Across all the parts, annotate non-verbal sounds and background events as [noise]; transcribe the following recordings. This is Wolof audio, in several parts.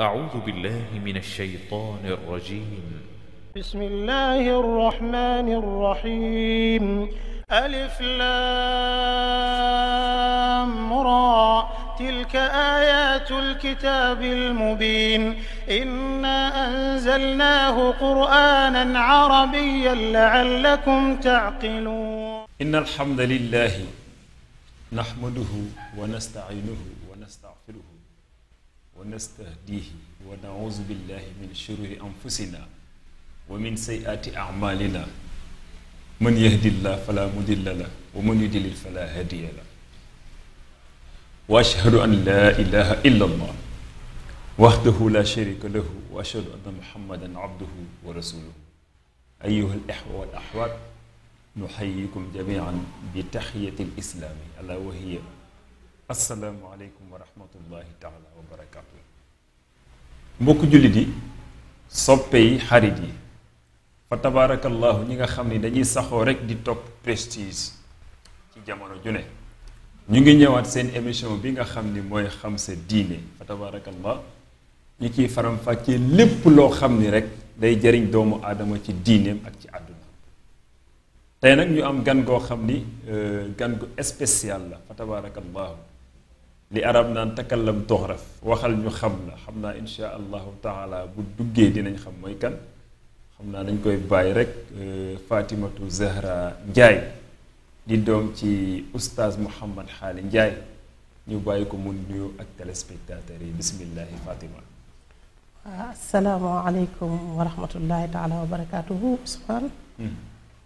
أعوذ بالله من الشيطان الرجيم بسم الله الرحمن الرحيم ألف لام را تلك آيات الكتاب المبين إنا أنزلناه قرآنا عربيا لعلكم تعقلون إن الحمد لله نحمده ونستعينه ونستهديه ونعوذ بالله من شرور أنفسنا ومن سيئات أعمالنا من يهدي الله فلا مضل له ومن يضلل فلا هادي له وأشهد أن لا إله إلا الله وحده لا شريك له وأشهد أن محمدا عبده ورسوله أيها الإخوة والأحباب نحييكم جميعا بتحية الإسلام ألا وهي Assalamualaikum warahmatullahi taala wabarakatuh. Mbok julit di yi soppe yi xarit yi fa tabaarakallaahu ñi nga xamni dañuy saxo rek di top prestige ci jamono ju ne ñu ngi ñëwaat seen émission bi nga xamni ni mooy xam sa diine fa tabaarakallah ñi ci faram-fàccee lépp loo ni rek day jëriñ doomu adama ci diineem ak ci aduna tay nak ñu am gan go xamni ni euh, gan go spécial la fa tabaarakallaahu li arab naan takallam tuhraf waxal ñu xam la xam naa insha allahu taala bu duggee dinañ xam mooy kan xam naa dañ koy bàyyi rek Fatimatu Zahra Njaay di doom ci oustaz Mouhamad Xaali Njaay ñu bàyyi ko mu nuyu ak téléspectateurs yi bismillahi Fatima waa asalaamaaleykum wa rahmatullahi taala wa barakaatuhu Ousmane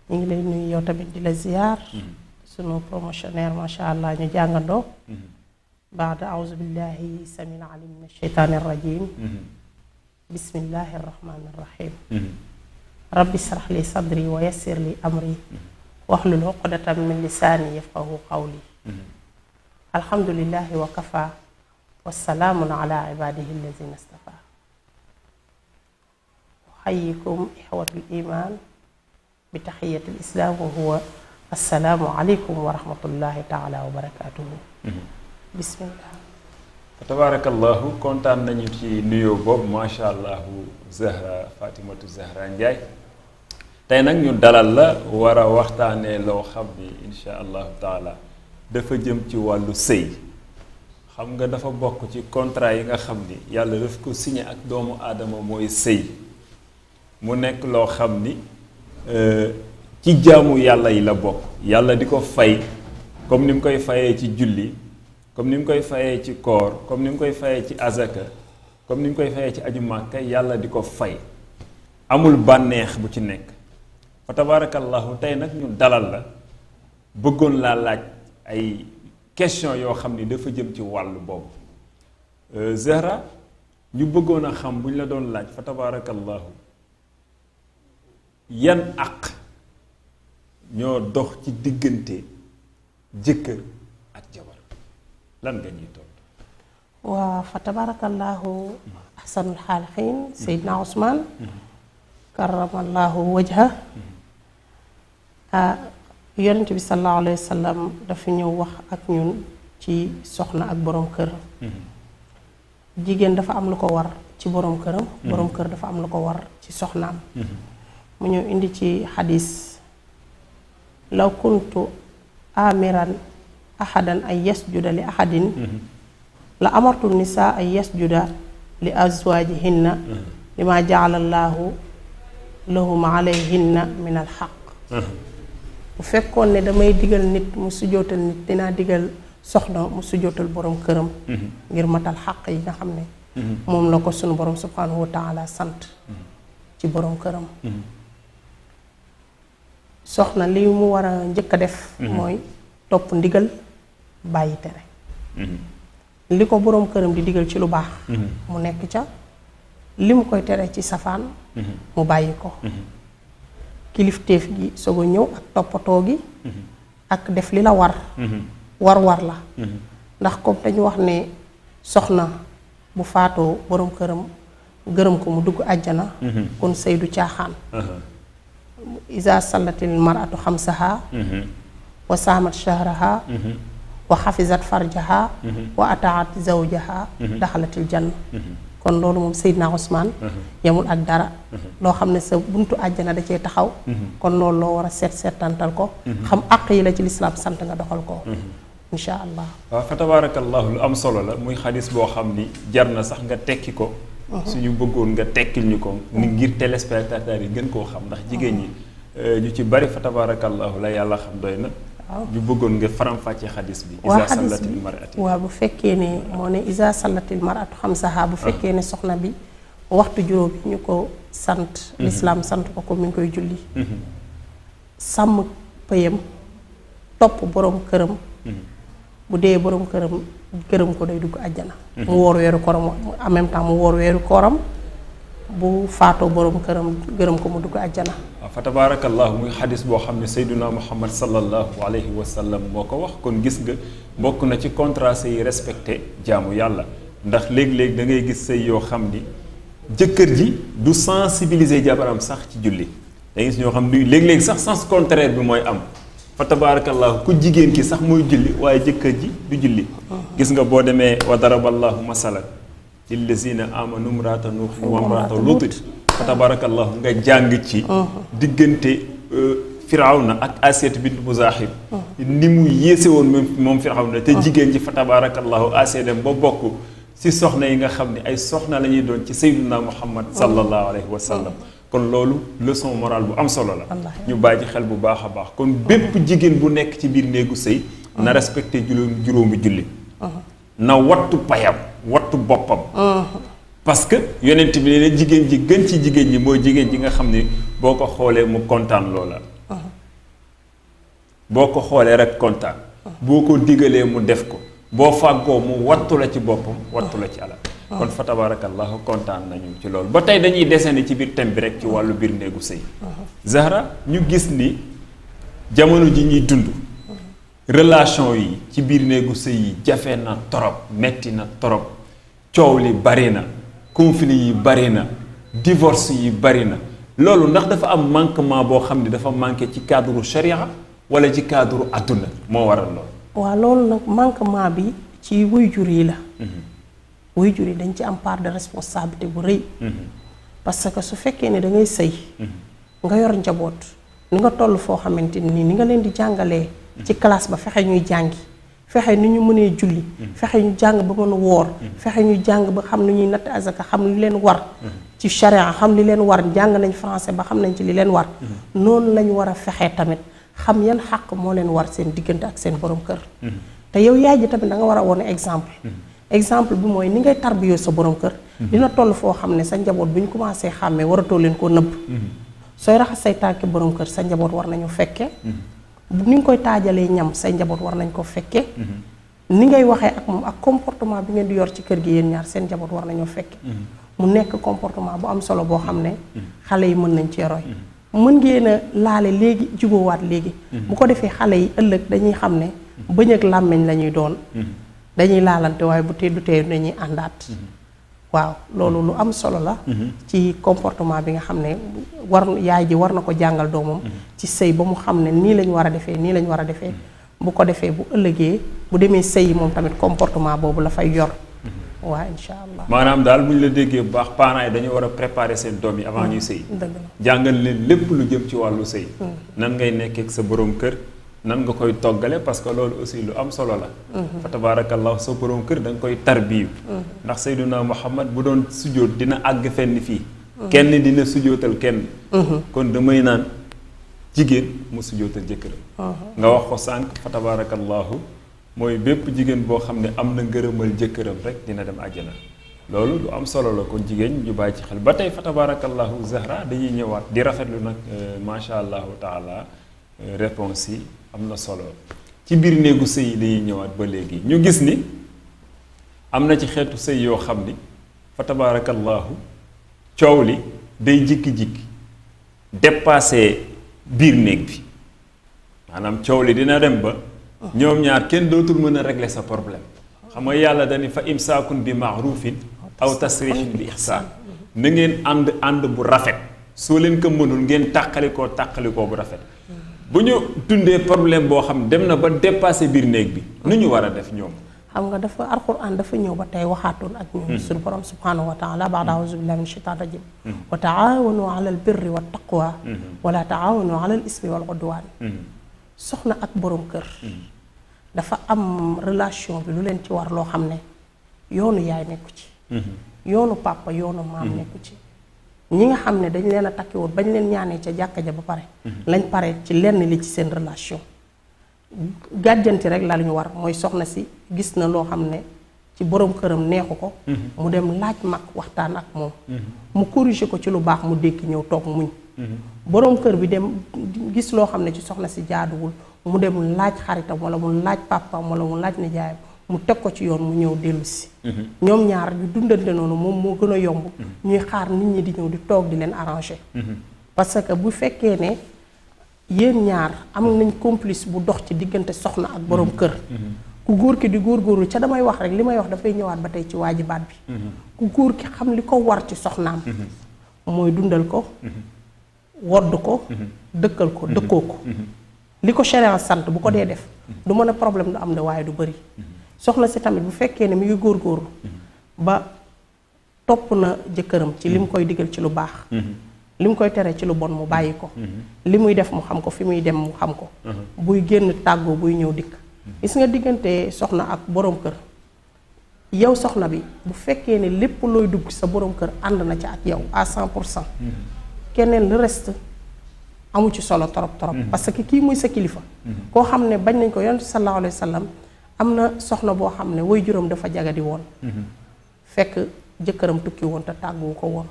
ñu ngi lay nuyu yow tamit di la ziar sunu promotionnaire macha allah ñu jàngandoo بعد أعوذ بالله سمين علي من الشيطان الرجيم بسم الله الرحمن الرحيم ربي اشرح لي صدري ويسر لي أمري واحلل عقدة من لساني يفقه قولي الحمد لله وكفى والسلام على عباده الذين اصطفى أحييكم إخوة الإيمان بتحية الإسلام وهو السلام عليكم ورحمة الله تعالى وبركاته bismillah tabaarakallaahu kontaan nañu ci nuyoo boobu macha allahu Zahra Fatimatu Zahra Ndiaye tey nag ñu dalal la war a waxtaanee loo xam ni incha allahu taala dafa jëm ci wàllu sëy xam nga dafa bokk ci contrat yi nga xam ni yàlla daf ko signé ak doomu aadama mooy sëy mu nekk loo xam ni euh, ci jaamu yàlla yi la bokk yàlla di ko fay comme ni mu koy fayee ci julli comme nim koy fayé ci koor comme nim koy fayé ci azaka comme nim koy fayé ci aju màkka yàlla diko fay amul banex bu ci nek fa tabarakallah tay nak ñu dalal la bëggoon la laaj ay question yo xamni dafa jëm ci walu bob euh Zahra ñu bëggoon xam buñ la doon laaj fa tabarakallah yan àq ño dox ci digënté jëkkeur lan nga ñuy tontu wa fa tabarakallahu ahsanul halihin sayyidna usman karramallahu wajha ah yaronte bi sallallahu alayhi wasallam sallam dafa ñew wax ak ñun ci soxna ak borom kër jigéen dafa am lu ko war ci borom kërëm borom kër dafa am lu ko war ci soxnaam mu ñew indi ci hadith law kuntu amiran ahadan ay yasjuda li ahadin la amartu nisaa ay yasjuda li azwaajihinna lima jaala llaahu lahum alayhinna min al xaq bu fekkoon ne damay digal nit mu sujootal nit dinaa digal soxna mu sujootal borom këram ngir matal xaq yi nga xam ne moom la ko sunu borom subhaanahu wa taala sant ci boroom këram soxna li mu war a njëkk a def mhm. mooy topp ndigal bàyyi tere mhm. li ko boroom këram di digal ci lu baax mhm. mu nekk ca li mu koy tere ci safaan mhm. mu bàyyi ko kilifteef gi soog a ñëw ak toppatoo gi ak def li la war war war la ndax comme dañu wax ne soxna bu faatoo boroom këram gërëm ko mu dugg àjjana kon sëy du caaxaan uh-huh. isa sallatil maratu xamsaha wa shahraha wa xafisat farjaha mhm. wa ataat zawjaha mhm. daxalatil janna mhm. kon loolu moom Seydina Ousmane yamul ak dara loo xam ne sa buntu àjjana da cee taxaw kon loolu loo war a seet seetantal ko xam àq yi la ci lislaam sant nga doxal ko insha allah waaw fa tabarakallahu lu am solo la muy xadis boo xam ni jar na sax nga tekki ko suñu bëggoon nga tekkil ñu ko ni ngir téléspectateurs yi gën koo xam ndax jigéen ñi euh, ñu ci bari fa tabarakallahu la yàlla xam doy na ñu bëggoon nga faram-fàccee xadis bi. waaw xadis bi waaw bu fekkee ne moo ne isa sallatil maratu xam saxaa bu ah. fekkee ne soxna bi waxtu juróom bi ñu ko sant. Mhm. lislaam sant ko ko mi ngi koy julli. Mhm. sàmm pëyam topp boroom këram. Mhm. bu dee borom këram këram ko day dugg àjjana. mu woor weeru koram en même temps mu woor weeru koram. bu faatoo borom këram gërëm ko mu dugg àjjana. waaw fa tabaarakallaahu muy xadis boo xam ne Seydina Muhammad sallallahu alayhi wa sallam moo ko wax kon gis nga bokk na ci contrat yi respecté jaamu yàlla ndax léeg-léeg da ngay gis sëy yoo xam ni jëkkër ji du sensibiliser jabaram sax ci julli da ngay gis ñoo xam ne léeg-léeg sax sens contraire bi mooy am. fa tabaarakallaahu ku jigéen ki sax muy julli waaye jëkkër ji du julli. Mm-hmm. gis nga boo demee wa daraballaahu masalan lillazina آمنوا mraata نوح wa لوط فتبارك الله nga jàng ci diggante firawna ak aset bint muzahib ni mu yese won mom moom te jigen ci fa tabarakallahu aseedam ba bok ci soxna yi nga xamni ay soxna lañuy doon ci sayyiduna muhammad sallallahu alayhi wa sallam kon lolu leçon morale bu am solo la ñu bàyyi xel bu baaxa baax kon bépp jigen bu nek ci bir néegu sëy na respecté juróom juróomi julli na wattu payam wattu boppam uh-huh. parce que yonent bi nee na jigéen ji gën ci jigéen ñi mooy jigéen ji nga xam ni boo ko xoolee mu kontaan loola uh-huh. boo ko xoolee rek kontaan uh-huh. boo ko digalee mu def ko boo fàggoo mu wattu la ci boppam wattu la ci alal kon fa tabarakallahu kontaan nañu ci loolu ba tey dañuy desandi ci biir thème bi rek ci wàllu biir néegu sëy Zahra ñu gis ni jamono ji ñuy dund relation yi ci biir néegu sëy yi jafe na torop metti na torop coow li bari na conflit yi bari na divorce yi bari na loolu ndax dafa am manquement boo xam ne dafa manqué ci cadre charia wala ci cadre adduna moo waral loolu. waa loolu nag manquement bi ci waajur yi la. Mhm. waajur yi dañ ci am part de responsabilité bu rëy. Mhm. parce que su fekkee ne da ngay sëy. Mhm. nga yor njaboot. ni nga toll foo xamante ni ni nga leen di jàngalee. ci classe ba fexe ñuy jàngi. fexe ni ñu mënee julli mm-hmm. fexe ñu jàng ba mën woor mm-hmm. fexe ñu jàng ba xam ni ñuy natt azaka xam li leen war mm-hmm. ci charia xam li leen war jàng nañ français ba xam nañ ci li leen war noonu lañ war a fexe tamit xam yan xàq moo leen war seen diggante ak seen borom kër te yow yaay ji tamit da nga war a wone exemple exemple bi mooy ni ngay tarbiyoo sa borom kër dina toll foo xam ne sa njaboot bu ñu commencé xàmmee waratoo leen koo nëbb sooy raxas say tànki borom kër sa njaboot war nañu fekke ni nga koy taajalee ñam say njaboot war nañ koo fekkee. Mhm. ni ngay waxee ak moom ak comportement bi ngeen di yor ci kër gi yéen ñaar seen njaboot war nañoo fekkee. Mhm. mu nekk comportement bu am solo boo xam ne. Mhm. xale yi mën nañ cee roy. mën ngeen a laale léegi jubóowaat léegi. bu ko defee xale yi ëllëg dañuy xam ne. bëñ ak làmmiñ la ñuy doon. dañuy laalante waaye bu tee du tee nañuy àndaat. waaw loolu lu am solo la. Mm-hmm. ci comportement bi nga xam ne war yaay ji war na ko jàngal doomam. Mm-hmm. ci sëy ba mu xam ne nii lañ war a defee nii lañ war a defee. Mm-hmm. bu ko defee bu ëllëgee bu demee sëy moom tamit comportement boobu la fay yor. waa incha allah maanaam daal bu ñu la déggee bu baax parents yi dañu war a préparer seen doom yi avant ñuy sëy. dëgg la jàngal leen lépp lu jëm ci wàllu sëy. nan ngay nekkee sa borom kër. nan nga koy toggale parce que loolu aussi lu am solo la fa tabaarakallahu sa borom kër da nga koy tarbiyu ndax Seydina Muhammad bu doon sujjóot dina àgg fenn fii kenn dina sujjóotal kenn kon damay naan jigéen mu sujjóotal jëkkëram nga wax ko sànq fa tabaarakallahu mooy bépp jigéen boo xam ne am na ngërëmal jëkkëram rek dina dem àjjana loolu lu am solo la kon jigéen ñu bàyyi ci xel ba tey fa tabaarakallahu Zahra dañuy ñëwaat di rafet lu nag euh, macha allahu taala euh, réponse am na solo ci biir néegu sëy dañuy ñëwaat ba léegi ñu gis ni am na ci xeetu sëy yoo xam ni fa tabaarakallaahu coow li day jikki-jikki dépassé biir néeg bi maanaam coow li dina dem ba ñoom ñaar kenn dootul mën a regle sa problème xam nga yàlla dañu fa imsaakun bi maarufin aw tasrixin bi ixsaan na ngeen ànd ànd bu rafet soo leen ko mënul ngeen tàkkalikoo tàqalikoo bu rafet bu ñu dundee problème boo xam ne dem na ba dépassé biir néeg bi nu ñu war a def ñoom xam nga dafa alquran dafa ñëw ba tey waxaatoon ak ñoom hmm. suñu borom subhanahu wa taala baada hmm. auzu billahi min shaitan rajim hmm. wa taawanu ala al birri wa taqwa wala taawanu ala al ismi wal udwan soxna ak borom kër dafa am relation bi lu leen ci war loo xam ne yoonu yaay nekku ci yoonu papa yoonu maam nekku ci ñi nga xam ne dañ leen a takki woon bañ leen ñaanee ca jàkka ja ba pare lañ pare ci lenn li ci seen relation gàjjanti rek la ñu war mooy soxna si gis na loo xam ne ci borom këram neexu ko mhm. mu dem laaj mag waxtaan ak moom mhm. mu corriger ko ci lu baax mu dégg ñëw toog muñ mhm. borom kër bi dem gis loo xam ne ci soxna si jaaduwul mu dem laaj xaritam wala mu laaj papam wala mu laaj nijaayam mu teg ko ci yoon mu ñëw dellusi mhm. ñoom ñaar dundal dundante noonu moom moo gën a yomb. Mhm. ñuy xaar nit ñi di ñëw di toog di leen arranger. Mhm. parce que bu fekkee ne yéen ñaar am nañ complice bu dox ci diggante soxna ak borom kër. ku góor ki di góor góorgóorlu ca damay wax rek li may wax dafay ñëwaat ba tey ci waajibaat bi. ku góor ki xam li ko war ci soxnaam. mooy dundal ko. wodd ko. dëkkal ko dëkkoo ko. li ko sharia sant bu ko dee def. du mën a problème du am de waaye du bëri. soxna ci tamit bu fekke ne mi ngi gor ba top na jëkkëram ci lim mhm. koy diggal ci lu baax lim mhm. lim koy téré ci lu bon mu bayiko mhm. limuy def mu xam ko fi muy dem mu xam ko buy genn taggo buy ñew dik gis nga digënté soxna ak borom kër yow soxna bi bu fekke ne lepp loy dugg sa borom kër and na ci ak yow à 100% keneen le reste amu ci solo torop torop parce que ki muy sa kilifa ko xamne bañ nañ ko yonent sallallahu alayhi wasallam amna soxna bo xamne way juróom dafa jagadi hmm fekk jeukeram tukki won ta tàgguwu ko won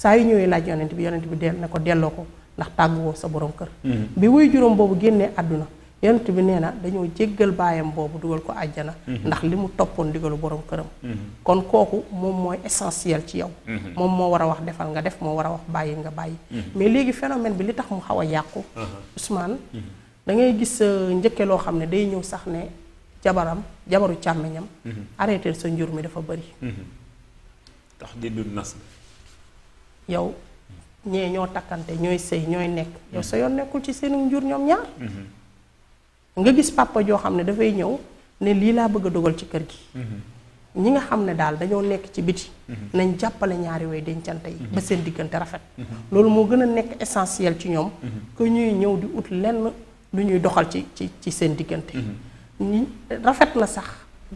saa yu ñëwee yonent bi yonent bi del ne ko delloo ko ndax sa borom kër mhm. bi way juróom bobu genné aduna yonent bi neena dañu jéggal bayam bobu duggal ko aljana mhm. ndax limu mu digal borom këram mhm. kon koku mom moy essentiel ci yow mom mo wara wax defal nga def mo wara wax bàyyi nga bàyyi mais légui phénomène bi li tax mu xawa yaqku uh-huh. da ngay gis euh, lo day ñew sax ne jabaram jabaru càmmeñam mhm. arrêté sa njur mi dafa bëri tax di yow ñee ñoo takkante ñooy sëy ñooy nekk mhm. yow sa yoon nekkul ci seenu njur ñoom ñaar mhm. nga gis papa joo xam ne dafay ñëw ne lii laa bëgg a dogal ci kër gi ñi nga xam ne daal dañoo nekk ci biti nañ jàppale ñaari wey dencante yi ba seen diggante rafet loolu moo gën a nekk essentiel ci ñoom que ñuy ñëw di ut lenn lu ñuy doxal ci ci ci seen diggante rafet la sax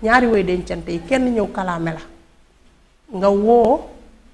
ñaari woy dencante yi kenn ñëw kalaame la nga woo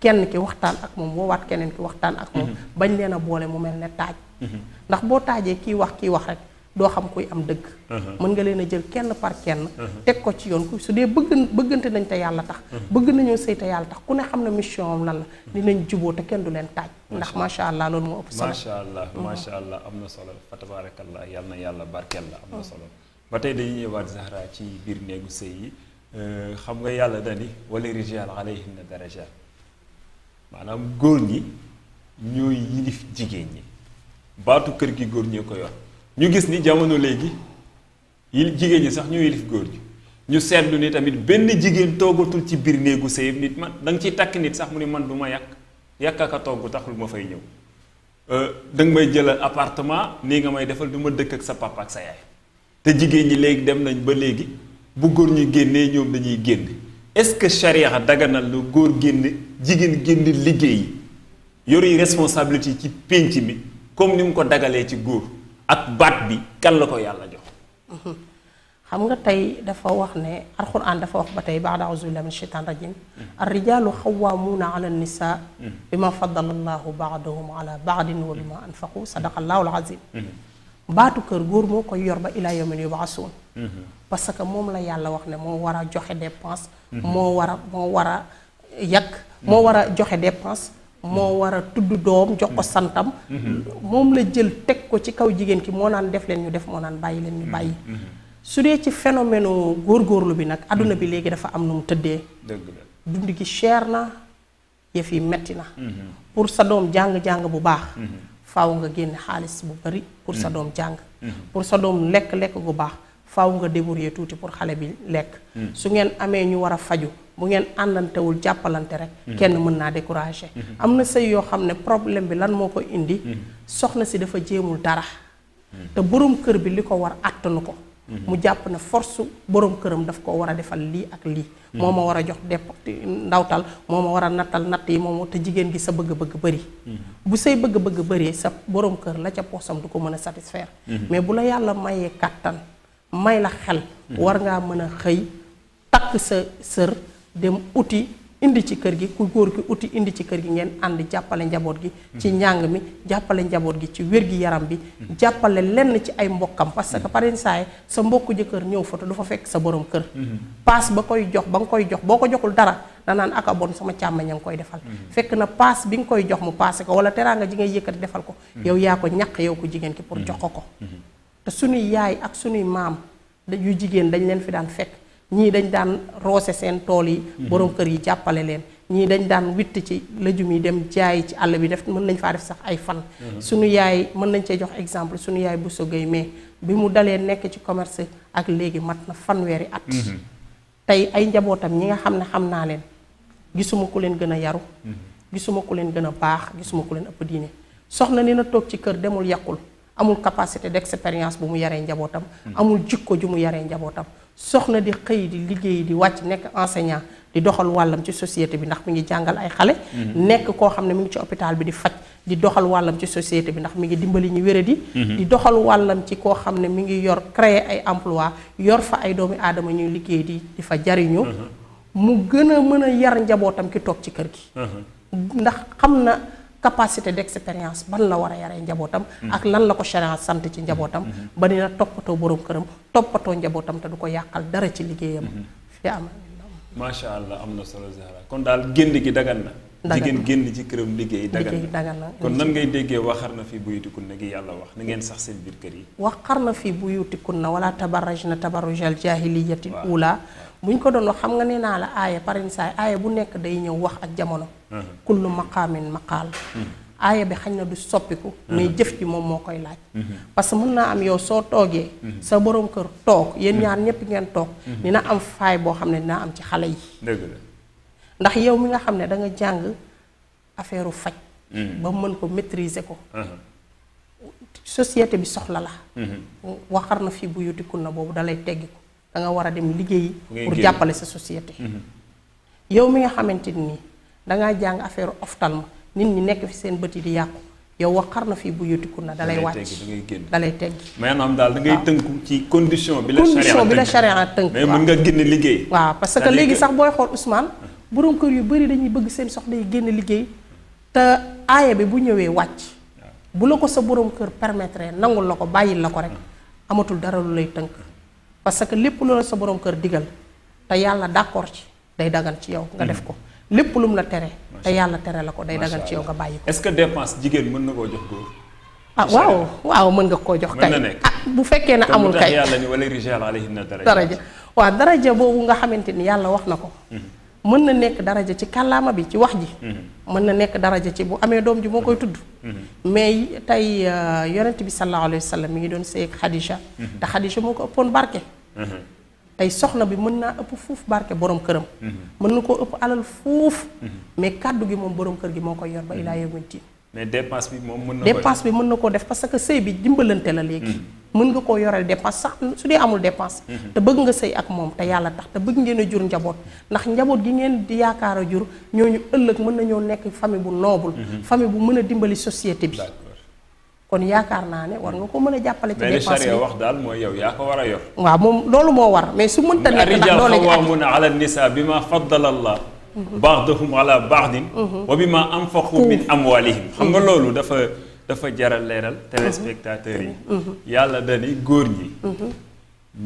kenn ki waxtaan ak moom woowaat keneen ki waxtaan ak moom mhm. bañ leen a boole mu mel ne taaj mhm. ndax boo taajee kiy wax kiy wax rek doo xam kuy am dëgg mhm. mën nga leen a jël kenn par kenn teg ko ci yoon ku su dee bëgg bëggante nañ te yàlla tax bëgg nañoo sëy te yàlla tax ku ne xam na mission am lan la dinañ juboo te kenn du leen taaj ndax macha allah loolu moo ëpp solo macha allah macha allah am na solo fa tabarakallah yàlla na yàlla barkeel la am na solo ba tey dañuy ñëwaat Zahra ci biir néegu sëy yi euh, xam nga yàlla dani wala rijaal alayhinna daraja maanaam góor ñi ñooy yilif jigéen ñi baatu kër gi góor ñee ko yor ñu gis ni jamono léegi yil jigéen ñi sax ñu yilif góor ñi ñu seetlu ni tamit benn jigéen toogatul ci biir néegu sëyam nit man da nga ciy takk nit sax mu ne man du ma yàq yàq ak a togg taxul ma fay ñëw euh, da nga may jëlal appartement nii nga may defal du ma dëkk ak sa papa ak sa yaay te jigéen ñi léegi dem nañ ba léegi bu góor ñi génnee ñoom dañuy génn est-ce que charia daganal na góor génn jigéen génn liggéey yor responsabilité ci pénc mi comme ni mu ko dagalee ci góor ak baat bi kan la ko yàlla jox xam nga tey dafa wax ne alxuraan dafa wax ba tey baada auzu min shaytan rajim arrijalu xawaamuuna ala nisa bima faddala allahu baadahum ala baadin wa bima anfaqu sadaqa allahu alazim baatu kër góor moo koy yor ba ilaa yawmin yub'asun mhm. parce que moom la yàlla wax ne moo war a joxe dépense mhm. moo war a moo war a yàq mhm. moo war a joxe dépense moo war a tudd doom jox ko santam moom la jël teg ko ci kaw jigéen ki moo naan def leen ñu def moo naan bàyyi leen ñu bàyyi su dee ci góor góorlu bi nag àdduna bi léegi dafa am nu mu tëddee dund gi cher na yëf yi metti na pour sa doom jàng-jàng bu baax faaw nga génn xaalis bu bari pour sa mm. doom jàng mm. pour sa doom lekk lekk gu baax faw nga débrouiller tuuti pour xale bi lekk mm. su ngeen amee ñu war a faju bu ngeen àndantewul jàppalante rek kenn mën naa décourager mm-hmm. am na sëy yoo xam ne problème bi lan moo ko indi mm-hmm. soxna si dafa jéemul dara te borom kër bi li ko war àttanu ko mu japp na force borom kërëm daf ko wara defal li ak li moma wara jox depp ndawtal moma wara natal a nattal yi moom te jigen gi sa bëgg-bëgg bëri mm-hmm. bu sey bëgg-bëgg bëri sa borom kër la ca posam du ko mëna satisfaire mm-hmm. mais bu la yalla maye katan may la xel war nga mëna xey tak sa sœur dem uti indi ci kër gi ku goor ki uti indi ci kër gi ngeen and jàppale njabot gi ci ñang hmm. mi jàppale njabot gi ci wër gi yaram bi hmm. jàppale lenn ci ay mbokam parce que hmm. parin saay sa mbokku jëkkër ñëw fa du fa fekk sa borom kër pass ba koy jox bang koy jox boko joxul dara nan aka bon sama càmmañ ñang koy defal fekk na pass bi ngi koy jox mu passé ko wala teranga ji ngay yëkkati defal ko yow ya ko ñak yow ko jigen ki pour jox ko ko te suñu yaay ak sunuy mam yu jigen dañ leen fi daan fekk ñii dañ daan roose seen tool yi mhm. borom kër yi jàppale leen ñii dañ daan witt ci lëjum yi dem jaay ci àll bi def mën nañ faa def sax ay fan mhm. suñu yaay mën nañ cee jox exemple suñu yaay bu sogay mais bi mu dalee nekk ci commerce ak léegi mat na fanweeri at mhm. tey ay njabootam ñi nga xam ne xam naa leen gisuma ko leen gën a yaru gisuma ku leen gën a baax gisuma ko leen ëpp diine soxna ni na toog ci kër demul yàqul amul capacité de expérience bu mu yaree njabootam amul jikko ju mu yaree njabootam soxna di xey di liggey di wacc nek enseignant di doxal walam ci société bi ndax mi ngi jangal ay xalé mhm. nek ko xamne ne mi ngi ci hôpital bi di fajj di doxal walam ci société bi ndax mi ngi dimbali ñi wéré mhm. di doxal walam ci ko xamne ne mi ngi yor créer ay emploi yor fa ay doomi adama ñuy liggey di di fa jariñu mhm. mu gëna mëna yar njabotam ki tok ci kër gi ndax xamna capacité d'expérience ban la war a yare njabootam. ak lan la ko charia sant ci njabootam. ba ni na toppatoo borom këram toppatoo njabootam te du ko yàqal dara ci liggéeyam. fi am macha allah am na solo Zahra kon daal génn gi dagan na. jigéen génn ci këram liggéey dagan na kon nan ngay déggee wax xar na fi buyutikunna gi yàlla wax na ngeen sax seen biir kër yi waxar na fi buyutikunna wala tabarraj na tabarrujal jaahiliyatil uula buñ ko doon wax xam nga nee naa la aaya parinsaay aaye bu nekk day ñëw wax ak jamono kullu maqamin maqal ayah bi xañ na du soppiku mais jëf ci mom moo laaj parce que mën am yow so toge sa borom keur tok yéen ñaar ñepp ngeen dina am fay bo xamne am ci xalé yi deug la ndax yow mi nga xamne da nga jang affaireu fajj ba mën ko maîtriser ko société bi soxla la waxar na fi bu yutikul na bobu dalay teggi ko da nga wara dem liggéeyi pour jappalé sa société yow mi nga xamanteni da nga jang affaire oftalm nit ñi nekk fi seen bët di yàqu yow waqar na fii bu yutiku na dalay wàcc dalay teggi maanaam daal da ngay tënku ci condition bi la condition bi la charia tënk mais mën nga génn liggéey waaw parce que léegi sax booy xool Ousmane borom kër yu dañuy bëgg seen soxna yi génn liggéey te bi bu ñëwee wàcc bu la sa borom kër permettre nangul la ko bàyyil rek hmm. amatul dara lu lay tënk parce que lépp la sa borom kër digal te yàlla d'accord ci day dagan ci yow nga def hmm. ko lépp lu la tere. te yàlla tere la ko day dagal ci yow nga bàyyi ko. est-ce que dépense jigéen mën na koo jox góor. ah waaw waaw mën nga koo jox kay ah bu fekkee ne amul kay daraja waaw daraja boobu nga xamante ni yàlla wax na ko mhm. mën na nekk daraja ci kàllaama bi ci wax ji mhm. mën na nekk daraja ci bu amee doom ji moo koy tudd mhm. mais tey euh, yonent bi sallallahu alayhi wa sallam mi ngi doon sëy ak Xadija te Xadija moo ko ëppoon barke tey soxna bi mën naa ëpp fuuf barke borom këram. Mhm. mën na koo ëpp alal fuuf. Mhm. mais kàddu gi moom borom kër gi moo koy yor ba mhm. ilaa yawmi diin mais dépense bi moom mën bi mën na koo def parce que sëy bi dimbalante la léegi. mën nga koo yoreel dépense sa su dee amul dépense. te bëgg nga sëy ak moom te yàlla tax te bëgg ngeen a jur njaboot ndax njaboot gi ngeen di yaakaar a jur ñu ëllëg mën na nañoo nekk famille bu noble. famille bu mën a dimbali société bi. kon yaakaar naa ne war nga ko mën a jàppale. ci dépense mais li wax daal mooy yow yaa ko war a yor. waaw moom loolu moo war mais su mënta nekk ndax loolu qawwaamuuna ala nisaa bima faddala allah baadahum ala baadin wa bima anfaqu min amwalihim xam nga loolu dafa dafa jaral leeral téléspectateurs yi yàlla dani góor ñi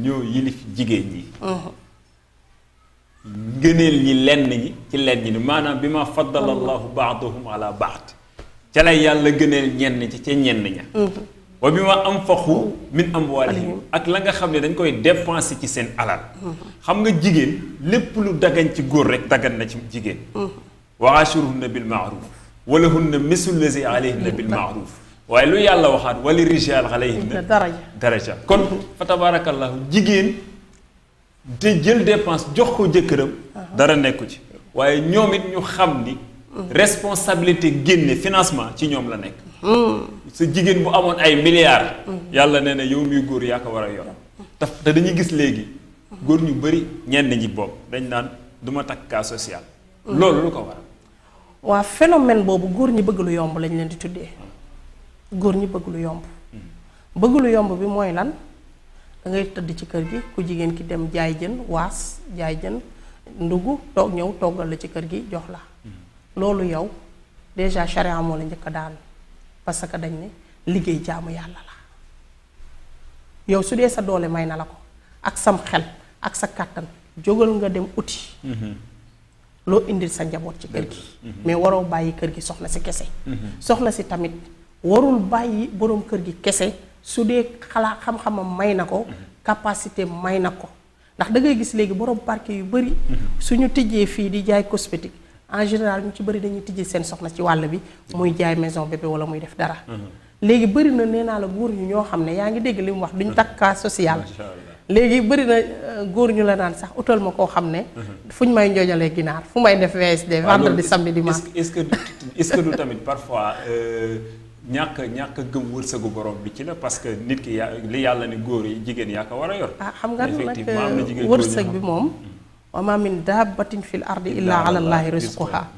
ñoo yilif jigéen ñi ngëneel ñi lenn ñi ci lenn ñi maanaam bi ma faddala allahu baadahum ala baad ci lay yàlla gëneel ñen ci ci ñen ña wa bi ma am fakhu min am waalihim ak la nga xamne dañ koy dépenser ci seen alal xam nga jigen lépp lu dagan ci góor rek dagan na ci jigen wa ashiruhunna bil ma'ruf wa hunna mislu lazi alayhinna bil ma'ruf way lu yàlla waxat wa li rijal alayhinna daraja daraja kon fa tabarakallah jigen de jël dépense jox ko jëkkëram dara nekku ci waye ñoomit ñu xam ni responsabilité gini financement ci ñom la hmm sa jigen bu amone ay milliards. yalla néna na yow mi góor ya ko wara yor. ta dañuy gis légui góor ñu bari ñen ñi bok dañ nan duma tak ka social. Mm. loolu lu ko wara wa phénomène bobu ñi bëgg lu yomb lañ leen di tuddé góor ñi bëgg lu yomb. Mm. bëgg lu yomb bi moy lan da ngay tedd ci kër gi ku jigen ki dem jaay jën was jaay jën ndugu tok ñew togal la ci kër gi jox la. loolu yow déjà charia moo la njëkk a daanu parce que dañ ne liggéey jaamu yàlla la yow su dee sa doole may na la ko ak sam xel ak sa kàttan jógal nga dem uti mhm. loo indil sa njaboot ci kër gi mhm. mais waroo bàyyi kër gi soxna si kese mhm. soxna si tamit warul bàyyi boroom kër gi kese su dee xalaat xam-xamam may na ko capacité may na ko ndax da ngay gis léegi boroom parquet yu bari ñu tijjee fii di jaay cosmétique en général ñu ci bari dañuy tijji seen soxna ci wàll bi muy jaay maison bébé wala muy def dara mhm. légui bari na néna la goor ñu ñoo xamné ne yaa dégg lim wax duñ takk cas social légui bari na euh, goor ñu la naan sax utal mako xamné mhm. fuñ may njoojalee ginar fu may def VSD ah, vendredi samedi dimanche est-ce que est-ce que du tamit parfois euh ñak ñak gëm wërsëgu borom bi ci la parce que nit ki ya, li yalla ni goor yi jigen yaa ko war yor ah xam nga nak euh, wërsëg bi moom mhm. وما من دابة في الأرض إلا على الله رزقها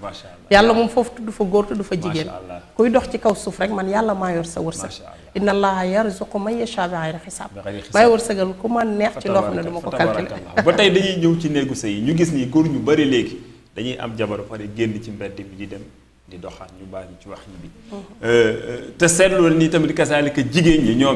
يا الله من فوق تدو فجور تدو فجيجين كوي دوخ تي كاو سفرة من يا الله ما يرسى ورسى إن الله يرزق ما يشاء بغير حساب ما يرسى قال كم أن نعت الله من دمك كالكلا بتاعي دي نيو تي نيجو نيو جس نيجو نيو بري ليك دي أم جبر فري جين دي تيم بدي بدي دم دي دخان نيو بار نيو تواخ نيو نيتام دي جيجين نيو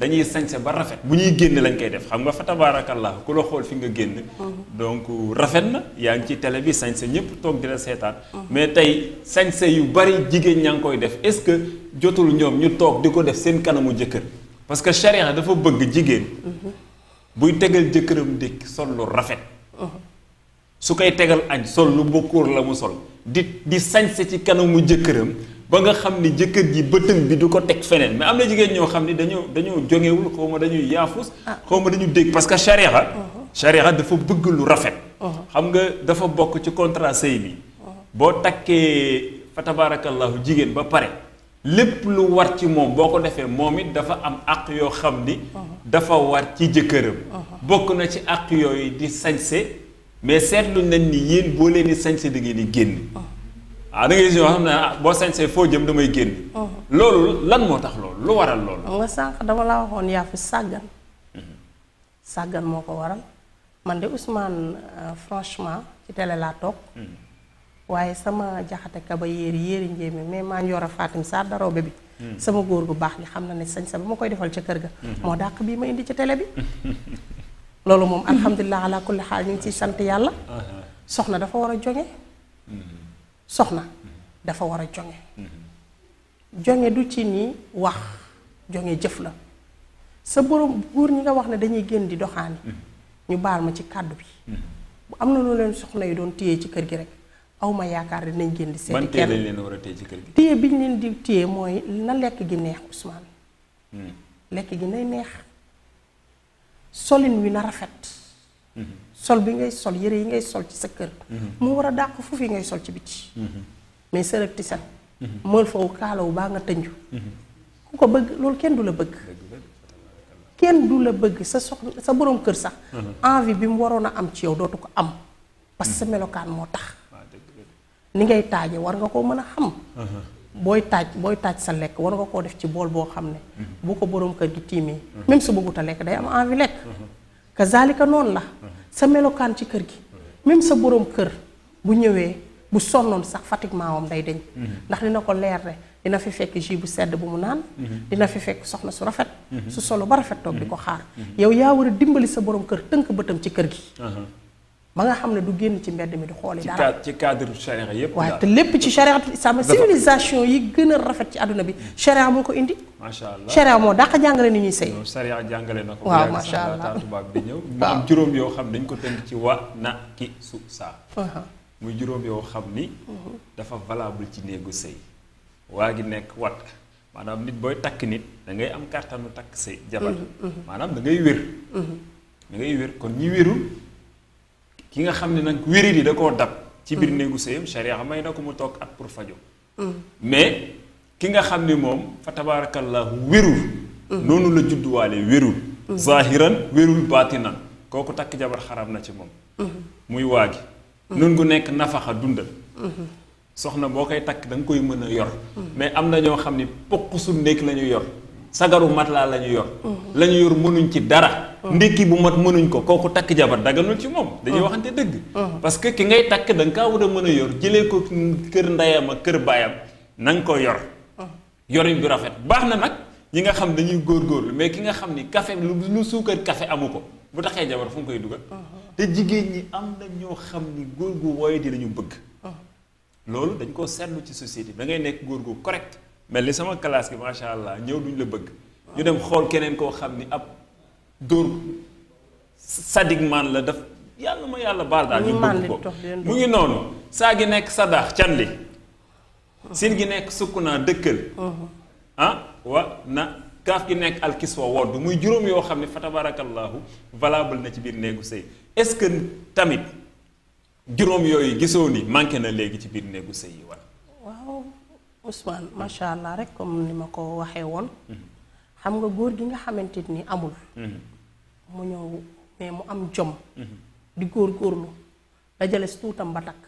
dañuy sañse ba rafet bu ñuy génn lañ koy def xam nga fa tabarakallah ku la xool fi nga génn mhm. donc rafet na yaa ngi ci télé bi sañse ñëpp toog di la seetaan mhm. mais tey sañse yu bari jigéen ñaa ngi koy def est-ce que jotul ñoom ñu toog di ko def seen kanamu jëkkër parce que charia dafa bëgg jigéen mhm. buy tegal jëkkëram ndékki sol lu rafet su koy tegal añ sol lu bokkuur la mu sol di di sañse ci kanamu jëkkëram ba nga xam ni jëkkër ji bëtëm bi du ko teg feneen mais am na jigéen ñoo xam ni dañoo dañoo jógewul xaw ma dañuy yaafus ah. xaw ma dañu dégg parce que charia uh-huh. charia dafa bëgg lu rafet uh-huh. xam nga dafa bokk ci contrat sëy bi uh-huh. boo takkee fa tabarakallahu jigéen ba pare lépp lu war ci moom boo ko defee moom it dafa am àq yoo xam ni dafa war ci jëkkëram bokk na ci àq yooyu di sañse mais seetlu nañ ni yéen boo leen di sañse da ngeen di génn ah da ngay gis xamna bo ne ah, fo jëm damay genn oh. loolu lan moo tax loolu lu waral loolu. nga sank dama la waxoon ya fi sàggan. sàggan moko waral man de Ousmane euh, franchement ci télé la tok hmm. waye sama jaxata ka ba yeer yeer njéemi mais ma ñora a Fatim Sarr darobe bi. Hmm. sama goor gu baax li xamna ne sañ sa ba koy defal ci kër ga. Hmm. mo dàq bi ma indi ci télé bi. [laughs] loolu mom alhamdullilah ala kulli hal ñi ci sante yalla [laughs] uh-huh. soxna dafa wara joggé soxna dafa war a jonge jonge du ci ni wax jonge jëf la sa borom góor ñi nga wax ne dañuy génn di doxaani ñu baal ma ci kàddu bi bu am na lu leen soxna yi doon téye ci kër gi rek awma yaakaar ne dinañ génn di seeti kenn ban téye war a téye ci bi ñu leen di téye mooy na lekk gi neex Ousmane hmm. lekk gi nay neex solin wi na rafet hmm. sol bi ngay sol yére yi ngay sol ci sa kër moo mhm. war a dàq foofu yi ngay sol ci biti mhm. mais sërëg ti set mël mhm. faw kaalawu baa nga tënju ku ko bëgg loolu kenn du la bëgg du la bëgg sa soxna sa boroom kër sax envie bi mu waroon a am ci yow dootu ko am parce que sa melokaan moo tax ni ngay taaje war nga koo mën a xam booy taaj booy taaj sa lekk war nga koo def ci bool boo xam ne bu ko boroom kër gi tiimee même su bëggut a lekk day am envie lekk kazalika noonu la sa melokaan ci kër gi même sa boroom kër bu ñëwee bu sonnoon sax fatiguement am day deñ mhm. ndax dina ko leer rek dina fi fekk jus bu sedd bu mu naan mhm. dina fi fekk soxna su rafet mhm. su solo ba rafet toog di ko xaar yow yaa war a dimbali sa boroom kër tënk bëtam ci kër gi ba nga xam ne du génn ci mbedd mi di xooli dara ci cadre charia yëpp waaw te lépp ci chariatul islam civilisation yi gën a rafet ci àdduna bi charia moo ko indi macha allah charia moo daq jàngale ni ñuy sëy charia jàngale na ko waaw macha allah tubaab bi ñëw [laughs] mu am juróom yoo xam dañ ko tënk ci wa na ki su saa uh-huh. muy juróom yoo xam ni uh-huh. dafa valable ci néegu sëy waa gi nekk wat maanaam nit booy takk nit dangay ngay am kàttanu takk sëy jabar uh-huh, maanaam da wér da wér kon ñi wérul ki nga xam ne nag wérit yi da koo dab ci biir néegu sëyam charia may na ko mu toog at pour fajo mais ki nga xam ni moom fa la wérul mm. noonu la judduwaale wérul mm. zahiran wérul baatinan kooku takk jabar xaram na ci moom mm-hmm. muy waa waagi mm. nun gu nekk nafaxa dundal mm-hmm. soxna boo koy takk da nga koy mën a yor mais am na ñoo xam ne poq su nekk la ñu yor sagaru matelas laa lañu yor mm-hmm. la ñu yor mënuñ ci dara Oh. ndékki bu ma mënuñ ko kooku takk jabar daganul ci moom dañuy oh. waxante dëgg oh. parce que ki ngay takk da nga kaa war a mën a yor jëlee ko kër ndeyam ak kër baayam na nga ko yor yorin bi rafet baax na nag ñi nga xam góor góorgóorlu mais ki nga xam ni café lu lu suukar café amu ko bu taxee jabar fu mu koy dugal te jigéen ñi am na ñoo xam ni góor gu wooye di lañu bëgg loolu dañ ko seetlu ci société da ngay nekk góor gu correct mel ni sama classe gi macha allah ñëw duñ la bëgg ñu dem xool keneen koo xam ni ab dóor sadig man la daf yàlla ma yàlla baal daal ñu bëgg ko mu ngi noonu saa gi nekk sadaax can li sin gi nekk sukku naa dëkkal uh-huh. ah wa na kaaf gi nekk alkiswa wodd muy juróom yoo xam ne fa tabarakallahu valable na ci biir néegu sëy est-ce que tamit juróom yooyu gisoo ni manqué na léegi ci biir néegu sëy yi wala waaw Ousmane macha allah rek comme ni ma ko waxee woon mm-hmm. xam nga góor gi nga xamante ni amul mm-hmm. mu ñëw mais mu am jom di góorgóorlu dajale si tuutam ba takk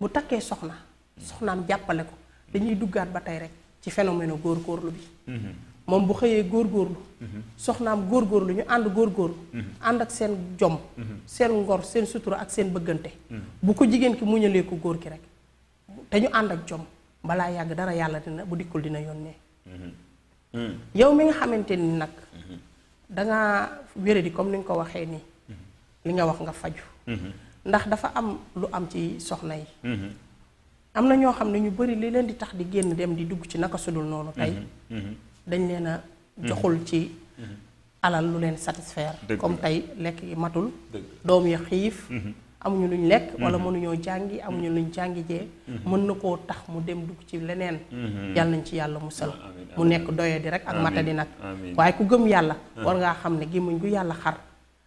bu takkee soxna soxnaam jàppale ko dañuy duggaat ba tey rek ci phénomène góorgóorlu bi moom bu xëyee góor góorgóorlu soxnaam góorgóorlu ñu ànd góor góor ànd ak seen jom seen ngor seen sutura ak seen bëggante bu ko jigéen ki muñalee ko góor ki rek te ñu ànd ak jom balaa yàgg dara yàlla dina bu dikkul dina yónnee yow mi nga xamante ni nag dangaa wéradi comme ni nga ko waxee nii mm-hmm. li nga wax nga faju mm-hmm. ndax dafa am lu am ci soxna yi mm-hmm. am na ñoo xam ne ñu bari li leen di tax di génn dem di dugg ci naka sudul noonu tey dañ leen a joxul ci alal lu leen satisfaire comme tey lekk yi matul doom ya xiif amuñu luñ lekk mm-hmm. wala mënuñoo jàngi amuñu luñ jàngi jee mm-hmm. mën na koo tax mu dem dugg ci leneen mm-hmm. yàlla nañ ci yàlla musal ah, mu nekk doye di rek ak matadi nag waaye ku gëm yàlla ah. war ngaa xam ne gémmiñ gu yàlla xar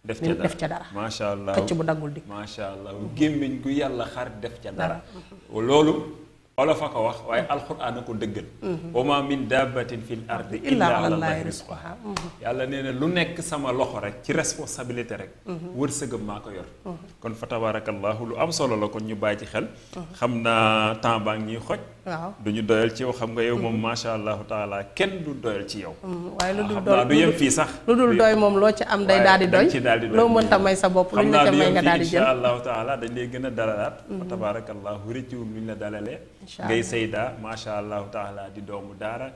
def ca dara def ca dara macha allah xëcc bu daggul dikk macha allah gémmiñ gu yàlla xar def ca dara loolu olof a ko wax waaye a ko dëggal mhm. wa ma min daabatin fil ardi illa alallahi mhm. yàlla nee na lu nekk sama loxo rek ci responsabilité rek mhm. wërsëgam maa ko yor kon fa tabarakallahu lu am solo la kon ñu bàyyi ci xel xam naa temps baa ngi ñuy xoj waaw du ñu doyal ci yow xam nga yow moom mm-hmm. macha allahu taala kenn du doyal ci yow. Mm-hmm. waaye lu ah, dul doy fii sax. lu dul moom loo ci am day daal di doy loo mënta may sa bopp luñ la ca may nga daal di jël incha allahu taala dañ lay gën a dalalaat. fa mm-hmm. tabarakallahu rëccuwum luñ la dalalee. ngay sayda macha allahu taala di doomu daara.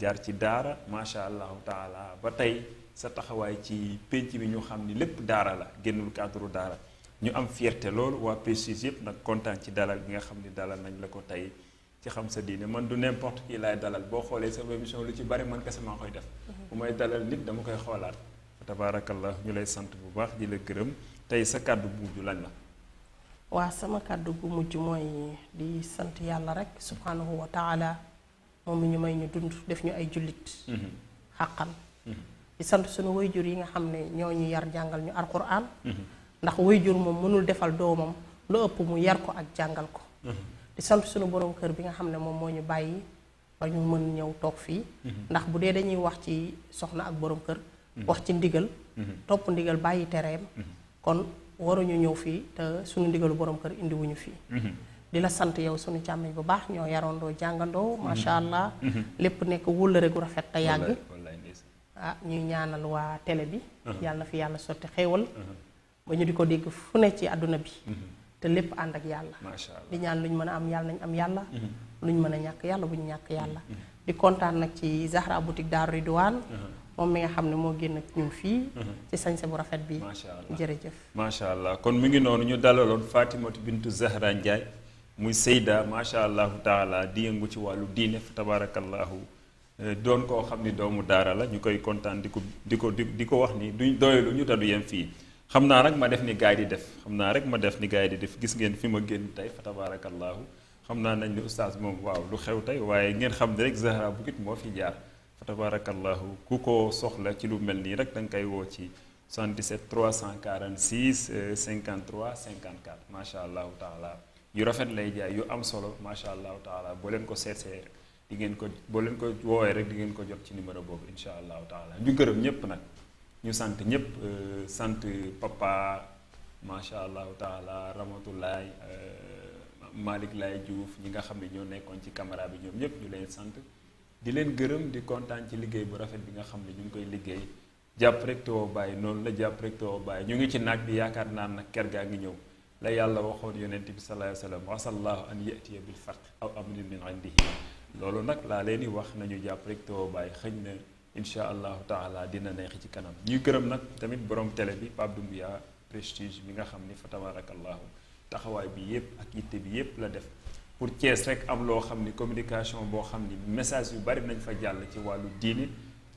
jaar ci daara macha allahu taala ba tey sa taxawaay ci pénc bi ñu xam ni lépp daara la génnul cadre daara ñu am fierte loolu waa PCS yëpp nag kontaan ci dalal bi nga xam ni dalal nañ la ko tey ci xam sa diine man du n'importe qui laay dalal boo xoolee sama émission lu ci bari man kese maa koy def mhm. bu may dalal nit dama koy xoolaat fa tabaarakallah ñu lay sant bu baax di la gërëm tey sa kàddu bu mujj lañ la waa sama kàddu gu mujj mooy di sant yàlla rek subhanahu wa taala moom mi ñu may ñu dund def ñu ay jullit mhm. xàqan mhm. di sant suñu wayjur yi nga xam ne ñoo ñu yar jàngal ñu alquran ndax jur moom mënul defal doomam lu ëpp mu yar ko ak jàngal ko di sant suñu borom kër bi nga xamne mom moñu bayyi ba ñu mën ñew tok fi mhm. ndax bu dé dañuy wax ci soxna ak borom kër mhm. wax ci ndigal mhm. top ndigal bayyi téréem kon ñu ñew fi te suñu ndigalu borom kër wuñu fi di la sant yow suñu càmmiñ bu baax yarondo jangando ma sha allah nek wul rek gu rafet ta yàgg ah ñuy ñaanal wa télé bi yalla fi yalla sotti xéewal ba ñu di dégg fu ne ci aduna bi te lépp ànd ak yàlla di ñaan lu ñu mën a am yàlla nañ am yàlla mm-hmm. lu ñu mën a ñàkk yàlla bu ñu ñàkk yàlla mm-hmm. di kontaan nag ci Zahra boutique Daaru Ridwaan uh-huh. moom mi nga xam ne moo génn ak fii uh-huh. ci sañse bu rafet bi jërëjëf macha allah kon mu ngi noonu ñu dalaloon Fatimatu bintu Zahra Ndiaye muy Seyda macha allah taala di yëngu ci wàllu diine fa tabarakallahu eh, doon koo xam ni doomu daara la ñu koy kontaan di ko di ko di di ko wax ni duñ doyalu ñu te du yem fii xam naa rek ma def ni gaay di def xam naa rek ma def ni gaay di def gis ngeen fi ma génn tey fa tabaarakallaahu xam naa nañ ni oustaz moom waaw lu xew tey waaye ngeen xam ne rek Zahra Boutique moo fi jaar fa tabaarakallaahu ku ko soxla ci lu mel nii rek da koy woo ci 77 346 53 54 macha allahu taala yu rafet lay jaay yu am solo macha allahu taala boo leen ko seetsee rek di ngeen ko boo leen ko woowee rek di ngeen ko jot ci numéro boobu incha allahu taala ñu gërëm ñépp nag ñu sant ñëpp euh, sant papa macha allahu taala ramatulaay euh, Malick Laye Diouf ñi nga xam ne ñoo nekkoon ci kamara bi ñoom ñëpp ñu leen sant di leen gërëm di kontaan ci liggéey bu rafet bi nga xam ne ñu ngi koy liggéey jàpp rek too bàyyi noonu la jàpp rek too bàyyi ñu ngi ci naaj bi yaakaar naa nag ker gaa ngi ñëw la yàlla waxoon yonent bi sallallahu alayhi wa sallam wasallahu an yatiya bil fath aw amrin min indihi loolu nag laa leen di wax nañu jàpp rek too bàyyi na incha allahu taala dina neexi ci kanam ñuy gërëm nag tamit borom télé bi Pape Doumbia prestige bi nga xam ni fa tabarakallahu taxawaay bi yépp ak yitte bi yépp la def pour Thiès rek am loo xam ni communication boo xam ni message yu bari nañ fa jàll ci wàllu diini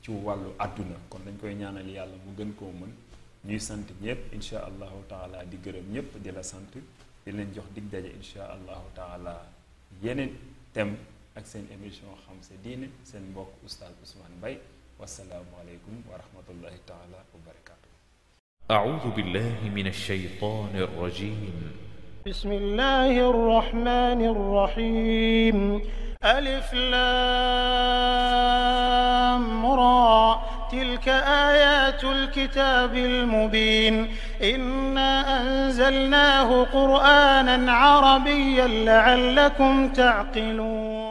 ci wàllu àdduna kon dañ koy ñaanal yàlla mu gën koo mën ñuy sant ñépp incha allahu taala di gërëm ñépp di la sant di leen jox dig daje incha allahu taala yeneen thème ak seen émission xam sa diine seen mbokk oustaz Ousmane Mbaye والسلام عليكم ورحمة الله تعالى وبركاته أعوذ بالله من الشيطان الرجيم بسم الله الرحمن الرحيم ألف لام را تلك آيات الكتاب المبين إنا أنزلناه قرآنا عربيا لعلكم تعقلون